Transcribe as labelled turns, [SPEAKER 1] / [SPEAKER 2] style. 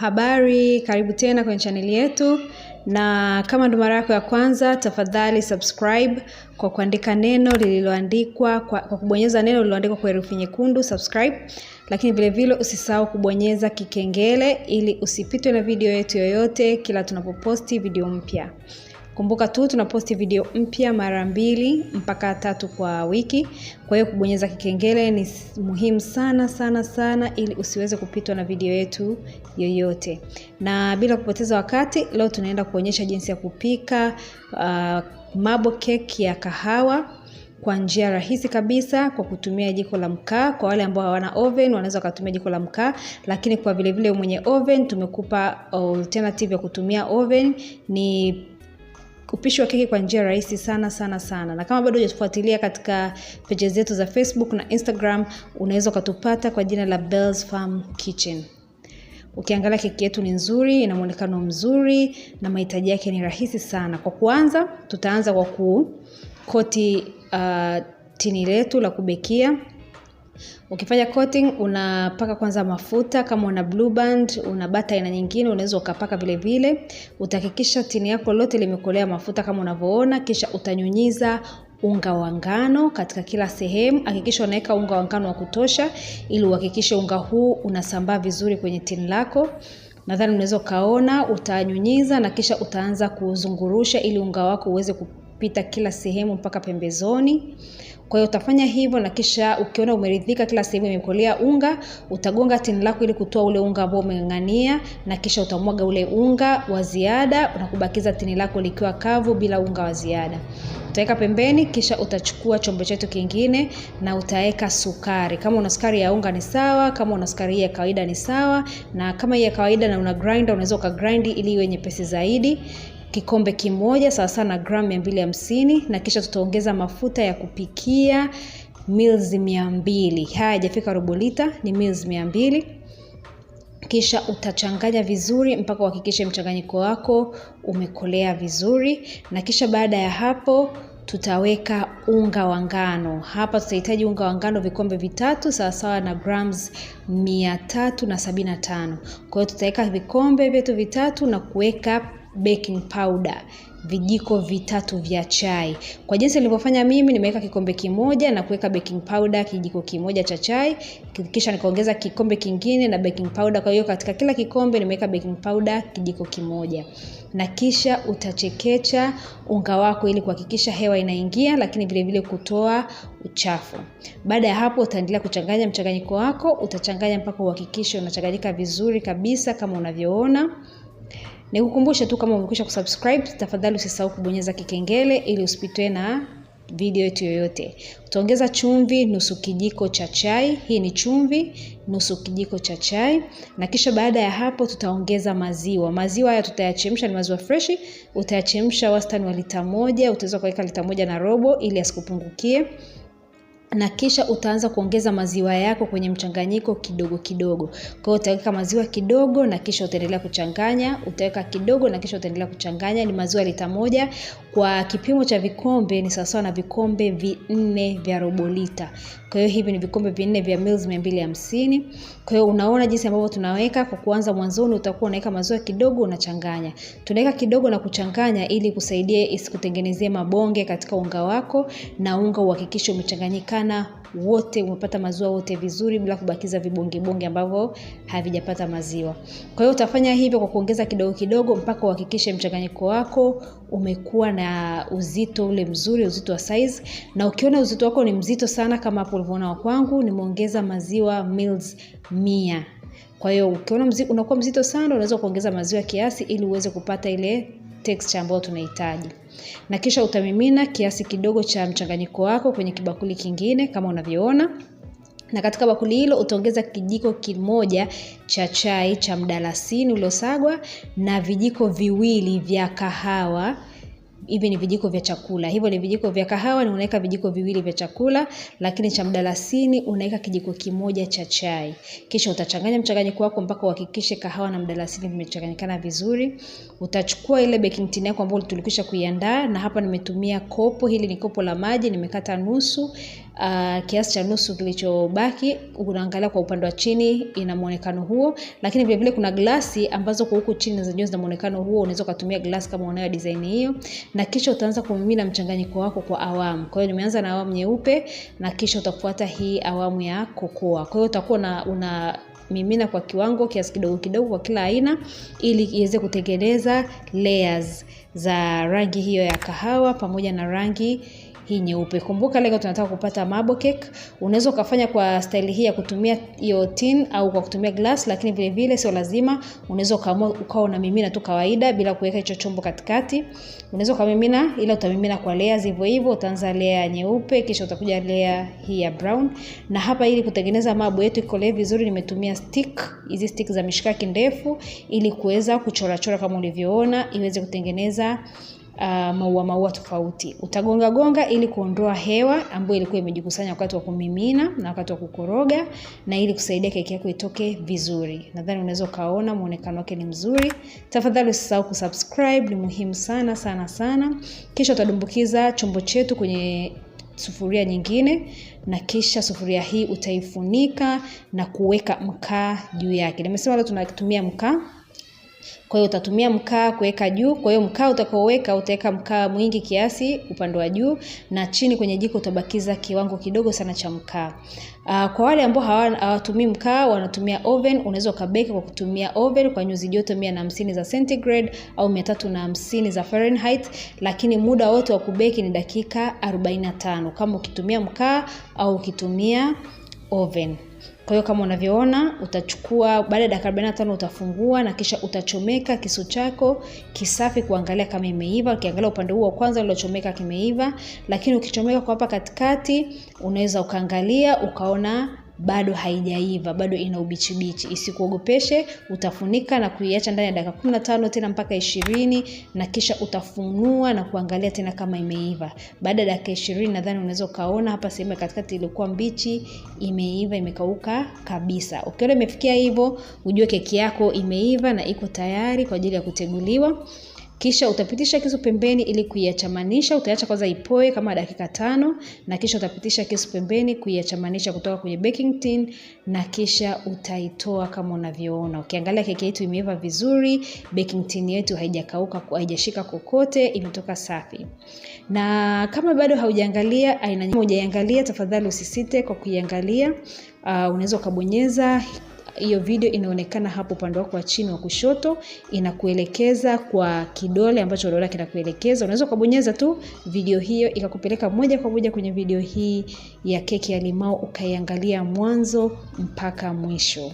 [SPEAKER 1] Habari, karibu tena kwenye chaneli yetu, na kama ndo mara yako ya kwanza, tafadhali subscribe kwa kuandika neno lililoandikwa kwa, kwa kubonyeza neno lililoandikwa kwa herufi nyekundu subscribe, lakini vilevile usisahau kubonyeza kikengele ili usipitwe na video yetu yoyote kila tunapoposti video mpya. Kumbuka tu tunaposti video mpya mara mbili mpaka tatu kwa wiki. Kwa hiyo kubonyeza kikengele ni muhimu sana sana sana, ili usiweze kupitwa na video yetu yoyote. Na bila kupoteza wakati, leo tunaenda kuonyesha jinsi ya kupika uh, ah, mabo keki ya kahawa kwa njia rahisi kabisa kwa kutumia jiko la mkaa. Kwa wale ambao hawana oven wanaweza wakatumia jiko la mkaa, lakini kwa vilevile mwenye oven tumekupa alternative ya kutumia oven ni upishi wa keki kwa njia rahisi sana sana sana, na kama bado hujatufuatilia katika peji zetu za Facebook na Instagram, unaweza ukatupata kwa jina la Bells Farm Kitchen. Ukiangalia keki yetu ni nzuri, ina muonekano mzuri na mahitaji yake ni rahisi sana. Kwa kuanza, tutaanza kwa kukoti uh, tini letu la kubekia Ukifanya coating unapaka kwanza mafuta kama una blue band, una bata aina nyingine unaweza ukapaka vile vile. Utahakikisha tini yako lote limekolea mafuta kama unavyoona, kisha utanyunyiza unga wa ngano katika kila sehemu. Hakikisha unaweka unga wa ngano wa kutosha ili uhakikishe unga huu unasambaa vizuri kwenye tini lako. Nadhani unaweza ukaona, utanyunyiza na kisha utaanza kuzungurusha ili unga wako uweze kupita kila sehemu mpaka pembezoni. Kwa hiyo utafanya hivyo na kisha ukiona umeridhika, kila sehemu imekolea unga, utagonga tini lako ili kutoa ule unga ambao umeng'ang'ania, na kisha utamwaga ule unga wa ziada na kubakiza tini lako likiwa kavu bila unga wa ziada. Utaweka pembeni, kisha utachukua chombo chetu kingine na utaweka sukari. Kama una sukari ya unga ni sawa, kama una sukari ya kawaida ni sawa, na kama ya kawaida na una grinder unaweza ukagrind ili iwe nyepesi zaidi kikombe kimoja sawasawa na gramu mia mbili hamsini na kisha tutaongeza mafuta ya kupikia mils mia mbili haya hajafika robo lita ni mils mia mbili kisha utachanganya vizuri mpaka uhakikishe mchanganyiko wako umekolea vizuri na kisha baada ya hapo tutaweka unga wa ngano hapa tutahitaji unga wa ngano vikombe vitatu sawasawa na grams mia tatu na sabini na tano kwa hiyo tutaweka vikombe vyetu vitatu na kuweka baking powder vijiko vitatu vya chai. Kwa jinsi nilivyofanya mimi, nimeweka kikombe kimoja na kuweka baking powder kijiko kimoja cha chai, kisha nikaongeza kikombe kingine na baking powder. Kwa hiyo katika kila kikombe nimeweka baking powder kijiko kimoja, na kisha utachekecha unga wako ili kuhakikisha hewa inaingia, lakini vile vile kutoa uchafu. Baada ya hapo, utaendelea kuchanganya mchanganyiko wako, utachanganya mpaka uhakikishe unachanganyika vizuri kabisa kama unavyoona nikukumbushe tu kama umekwisha kusubscribe, tafadhali usisahau kubonyeza kikengele ili usipitwe na video yetu yoyote. Utaongeza chumvi nusu kijiko cha chai. Hii ni chumvi nusu kijiko cha chai, na kisha baada ya hapo tutaongeza maziwa. Maziwa haya tutayachemsha, ni maziwa freshi, utayachemsha wastani wa lita moja. Utaweza kuweka lita moja na robo ili asikupungukie na kisha utaanza kuongeza maziwa yako kwenye mchanganyiko kidogo kidogo. Kwa hiyo utaweka maziwa kidogo na kisha utaendelea kuchanganya, utaweka kidogo na kisha utaendelea kuchanganya. Ni maziwa lita moja kwa kipimo cha vikombe ni sawasawa na vikombe vinne vya robo lita. Kwa hiyo hivi ni vikombe vinne vya mils mia mbili hamsini. Kwa hiyo unaona jinsi ambavyo tunaweka. Kwa kuanza mwanzoni, utakuwa unaweka maziwa kidogo, unachanganya, tunaweka kidogo na kuchanganya, ili kusaidia isikutengenezee mabonge katika unga wako, na unga uhakikishe umechanganyika unapatikana wote, umepata maziwa wote vizuri bila kubakiza vibongebonge ambavyo havijapata maziwa. Kwa hiyo utafanya hivyo kwa kuongeza kidogo kidogo mpaka uhakikishe mchanganyiko wako umekuwa na uzito ule mzuri, uzito wa size. Na ukiona uzito wako ni mzito sana kama hapo ulivyoona kwangu, nimeongeza maziwa mils mia. Kwa hiyo ukiona mzi, unakuwa mzito sana, unaweza kuongeza maziwa kiasi ili uweze kupata ile texture ambayo tunahitaji. Na kisha utamimina kiasi kidogo cha mchanganyiko wako kwenye kibakuli kingine kama unavyoona. Na katika bakuli hilo utaongeza kijiko kimoja cha chai cha mdalasini uliosagwa na vijiko viwili vya kahawa hivi ni vijiko vya chakula. Hivyo ni vijiko vya kahawa ni unaweka vijiko viwili vya chakula, lakini cha mdalasini unaweka kijiko kimoja cha chai. Kisha utachanganya mchanganyiko wako mpaka uhakikishe kahawa na mdalasini vimechanganyikana vizuri. Utachukua ile baking tin yako ambayo tulikwisha kuiandaa, na hapa nimetumia kopo, hili ni kopo la maji, nimekata nusu uh, kiasi cha nusu kilichobaki unaangalia kwa upande wa chini ina muonekano huo, lakini vile vile kuna glasi ambazo kwa huku chini zenyewe zina muonekano huo. Unaweza kutumia glasi kama unayo design hiyo, na kisha utaanza kumimina mchanganyiko wako kwa awamu. Kwa hiyo nimeanza na awamu nyeupe na kisha utafuata hii awamu ya kokoa. Kwa hiyo utakuwa na una mimina kwa kiwango kiasi kidogo kidogo kwa kila aina ili iweze kutengeneza layers za rangi hiyo ya kahawa pamoja na rangi hii nyeupe. Kumbuka leo tunataka kupata marble cake. Unaweza ukafanya kwa staili hii ya kutumia hiyo tin au kwa kutumia glass, lakini vile vile sio lazima. Unaweza ukaamua ukao na mimina tu kawaida bila kuweka hicho chombo katikati. Unaweza ukamimina, ila utamimina kwa layers hivyo hivyo. Utaanza layer nyeupe, kisha utakuja layer hii ya brown, na hapa ili kutengeneza marble yetu ikolee vizuri, nimetumia stick hizi stick za mishikaki ndefu ili kuweza kuchorachora kama ulivyoona iweze kutengeneza Uh, maua maua tofauti. Utagonga gonga ili kuondoa hewa ambayo ilikuwa imejikusanya wakati wa kumimina na wakati wa kukoroga, na ili kusaidia keki yako itoke vizuri. Nadhani unaweza ukaona muonekano wake ni mzuri. Tafadhali usisahau kusubscribe, ni muhimu sana sana sana. Kisha utadumbukiza chombo chetu kwenye sufuria nyingine na kisha sufuria hii utaifunika na kuweka mkaa juu yake. Nimesema leo tunatumia mkaa kwa hiyo utatumia mkaa kuweka juu. Kwa hiyo mkaa utakaoweka utaweka mkaa mwingi kiasi upande wa juu, na chini kwenye jiko utabakiza kiwango kidogo sana cha mkaa. Uh, kwa wale ambao hawatumii mkaa wanatumia oven, unaweza ukabeki kwa kutumia oven kwa nyuzi joto mia na hamsini za centigrade au mia tatu na hamsini za Fahrenheit, lakini muda wote wa kubeki ni dakika 45 kama ukitumia mkaa au ukitumia oven. Kwa hiyo kama unavyoona, utachukua baada ya dakika 45 utafungua na kisha utachomeka kisu chako kisafi kuangalia kama imeiva. Ukiangalia upande huu wa kwanza uliochomeka kimeiva, lakini ukichomeka kwa hapa katikati, unaweza ukaangalia ukaona bado haijaiva bado ina ubichi bichi isikuogopeshe utafunika na kuiacha ndani ya dakika kumi na tano tena mpaka ishirini na kisha utafunua na kuangalia tena kama imeiva baada ya dakika ishirini nadhani unaweza ukaona hapa sehemu ya katikati ilikuwa mbichi imeiva imekauka kabisa ukiona imefikia hivyo ujue keki yako imeiva na iko tayari kwa ajili ya kuteguliwa kisha utapitisha kisu pembeni ili kuiachamanisha. Utaacha kwanza ipoe kama dakika tano, na kisha utapitisha kisu pembeni kuiachamanisha kutoka kwenye baking tin, na kisha utaitoa kama unavyoona. Ukiangalia keki yetu imeiva vizuri, baking tin yetu haijakauka, haijashika kokote, imetoka safi. Na kama bado haujaangalia aina moja, tafadhali, usisite kwa kuiangalia. Uh, unaweza ukabonyeza hiyo video inaonekana hapo upande wako wa chini wa kushoto, inakuelekeza kwa kidole ambacho unaona kinakuelekeza. Unaweza ukabonyeza tu video hiyo ikakupeleka moja kwa moja kwenye video hii ya keki ya limao, ukaiangalia mwanzo mpaka mwisho.